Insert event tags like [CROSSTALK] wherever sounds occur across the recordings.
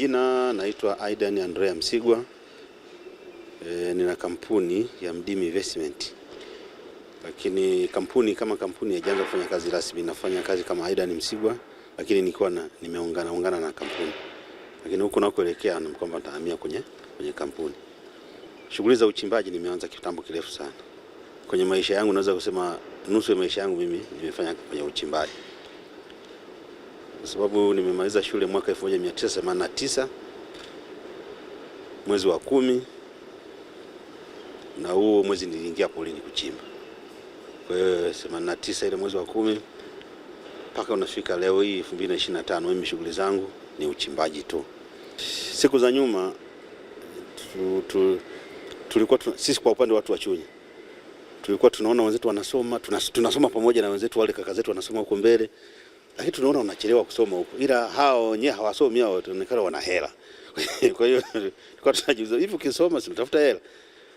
Jina naitwa Aidan Andrea Msigwa. E, nina kampuni ya Mdimi Investment, lakini kampuni kama kampuni haijaanza kufanya kazi rasmi. Nafanya kazi kama Aidan Msigwa, lakini nikiwa na nimeungana ungana na kampuni, lakini huko nakoelekea na kwamba nitahamia kwenye kwenye kampuni. Shughuli za uchimbaji nimeanza kitambo kirefu sana kwenye maisha yangu, naweza kusema nusu ya maisha yangu mimi nimefanya kwenye uchimbaji kwa sababu nimemaliza shule mwaka 1989 mwezi wa kumi, na huo mwezi niliingia polini kuchimba. Kwa hiyo 89 ile mwezi wa kumi mpaka unafika leo hii 2025, mimi shughuli zangu ni uchimbaji tu. Siku za nyuma tu, tu, tulikuwa tu, sisi kwa upande watu wa Chunya tulikuwa tunaona wenzetu wanasoma, tunasoma pamoja na wenzetu wale kaka zetu wanasoma huko mbele lakini tunaona wanachelewa kusoma huko, ila hao wenyewe hawasomi, hao tunaonekana wana hela. [LAUGHS] Kwa hiyo tulikuwa tunajiuliza hivi, ukisoma si utafuta hela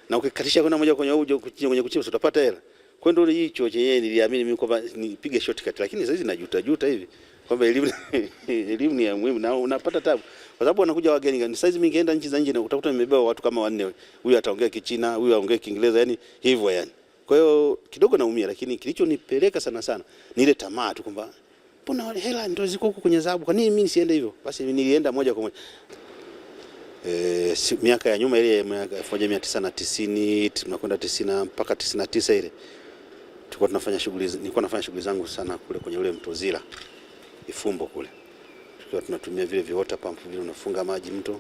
na ukikatisha kwenda moja kwenye ujo kwenye kuchimba utapata hela. Kwa hiyo ndio hicho chenyewe niliamini mimi kwamba nipige shortcut, lakini sasa hizi najuta juta hivi kwamba elimu [LAUGHS] elimu ni ya muhimu na unapata tabu, kwa sababu wanakuja wageni. Ni saizi mimi ningeenda nchi za nje na utakuta nimebeba watu kama wanne, huyu ataongea Kichina, huyu aongee Kiingereza, yani hivyo yani. Kwa hiyo kidogo naumia, lakini kilichonipeleka sana sana ni ile tamaa tu kwamba Mbona hela ndio ziko huko kwenye dhahabu, kwa nini mimi nisiende hivyo? Basi nilienda moja kwa moja. E, si, miaka ya nyuma ile miaka 1990 tunakwenda 90 mpaka 99 ile tulikuwa tunafanya shughuli, nilikuwa nafanya shughuli zangu sana kule kwenye ule mto Zila Ifumbo kule, tukiwa tunatumia vile viota pump vile, unafunga maji mto,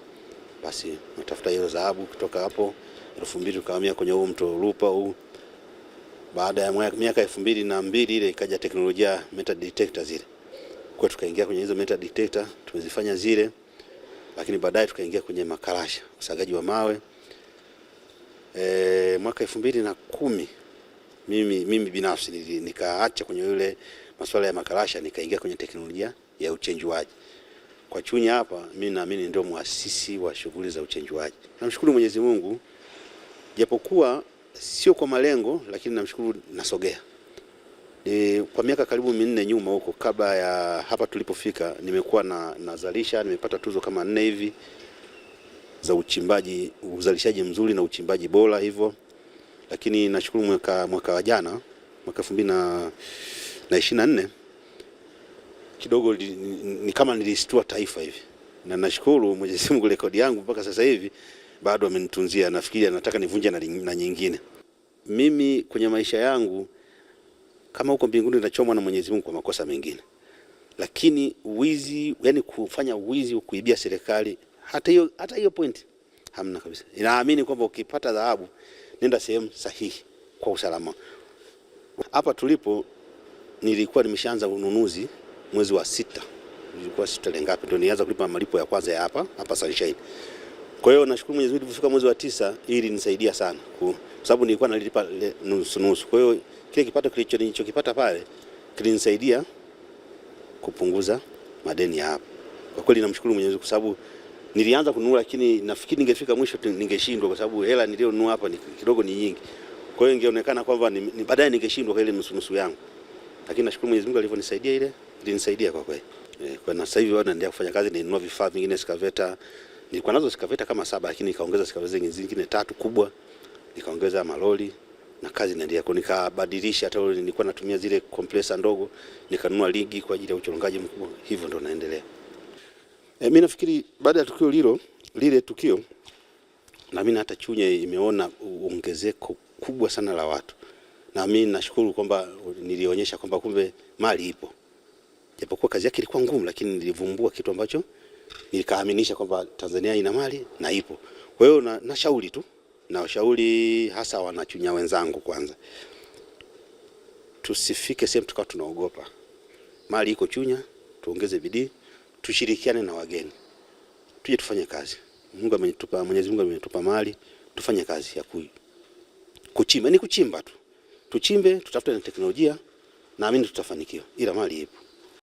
basi natafuta hiyo dhahabu kutoka hapo. 2000 tukahamia kwenye huu mto Rupa huu baada ya miaka elfu mbili na mbili ile ikaja teknolojia metal detector zile, kwa tukaingia kwenye hizo metal detector tumezifanya zile, lakini baadaye tukaingia kwenye makarasha, usagaji wa mawe e, mwaka elfu mbili na kumi mimi, mimi binafsi nikaacha kwenye yule masuala ya makarasha nikaingia kwenye teknolojia ya uchenjuaji. Kwa Chunya hapa mimi naamini ndio muasisi wa shughuli za uchenjuaji. Namshukuru Mwenyezi Mungu japokuwa sio kwa malengo, lakini namshukuru nasogea. Ni kwa miaka karibu minne nyuma huko, kabla ya hapa tulipofika, nimekuwa na nazalisha, nimepata tuzo kama nne hivi za uchimbaji, uzalishaji mzuri na uchimbaji bora hivyo, lakini nashukuru mwaka mwaka wa jana, mwaka elfu mbili na ishirini na nne kidogo ni, ni kama nilistua taifa hivi, na nashukuru Mwenyezi Mungu, rekodi yangu mpaka sasa hivi bado amenitunzia, nafikiri anataka nivunje na, na nyingine. Mimi kwenye maisha yangu kama huko mbinguni nachomwa na Mwenyezi Mungu kwa makosa mengine, lakini wizi, yani kufanya wizi, kuibia serikali, hata hiyo hata hiyo point hamna kabisa. Inaamini kwamba ukipata dhahabu nenda sehemu sahihi kwa usalama. Hapa tulipo nilikuwa nimeshaanza ununuzi mwezi wa sita, nilikuwa sita lengapi ndio nianza kulipa malipo ya kwanza ya hapa hapa Sunshine. Kwa hiyo nashukuru Mwenyezi Mungu kufika mwezi wa tisa, hili linisaidia sana kwa sababu nilikuwa nalipa nusu nusu. Kwa hiyo kile kipato kilicho nilichokipata pale kilinisaidia kupunguza madeni ya hapa. Kwa kweli namshukuru Mwenyezi Mungu kwa sababu nilianza kununua, lakini nafikiri ningefika mwisho ningeshindwa, kwa sababu hela niliyonunua hapa ni kidogo, ni nyingi. Kwa hiyo ingeonekana kwamba ni ni baadaye ningeshindwa kwa ile nusu nusu yangu, lakini nashukuru Mwenyezi Mungu alivyonisaidia, ile ilinisaidia kwa kweli. Eh, kwa na sasa hivi wao naendelea kufanya kazi, ninunua vifaa vingine, excavator Nilikuwa nazo sikaveta kama saba, lakini nikaongeza sikaveta zingine tatu kubwa, nikaongeza maloli na kazi inaendelea. Kwa nikabadilisha hata nilikuwa natumia zile compressor ndogo, nikanunua ligi kwa ajili ya uchorongaji mkubwa. Hivyo ndo naendelea. E, eh, mimi nafikiri baada ya tukio lilo lile tukio na mimi hata Chunya imeona ongezeko kubwa sana la watu, na mimi nashukuru kwamba nilionyesha kwamba kumbe mali ipo, japokuwa kazi yake ilikuwa ngumu, lakini nilivumbua kitu ambacho nikaaminisha kwamba Tanzania ina mali na ipo. Kwa hiyo na, na shauri tu na washauri hasa wanachunya wenzangu, kwanza tusifike sehemu tukawa tunaogopa. Mali iko Chunya, tuongeze bidii, tushirikiane na wageni, tuje tufanye kazi. Mungu ametupa, Mwenyezi Mungu ametupa mali, tufanye kazi ya kui, kuchimba. Ni kuchimba tu, tuchimbe, tutafute na teknolojia, naamini tutafanikiwa, ila mali ipo.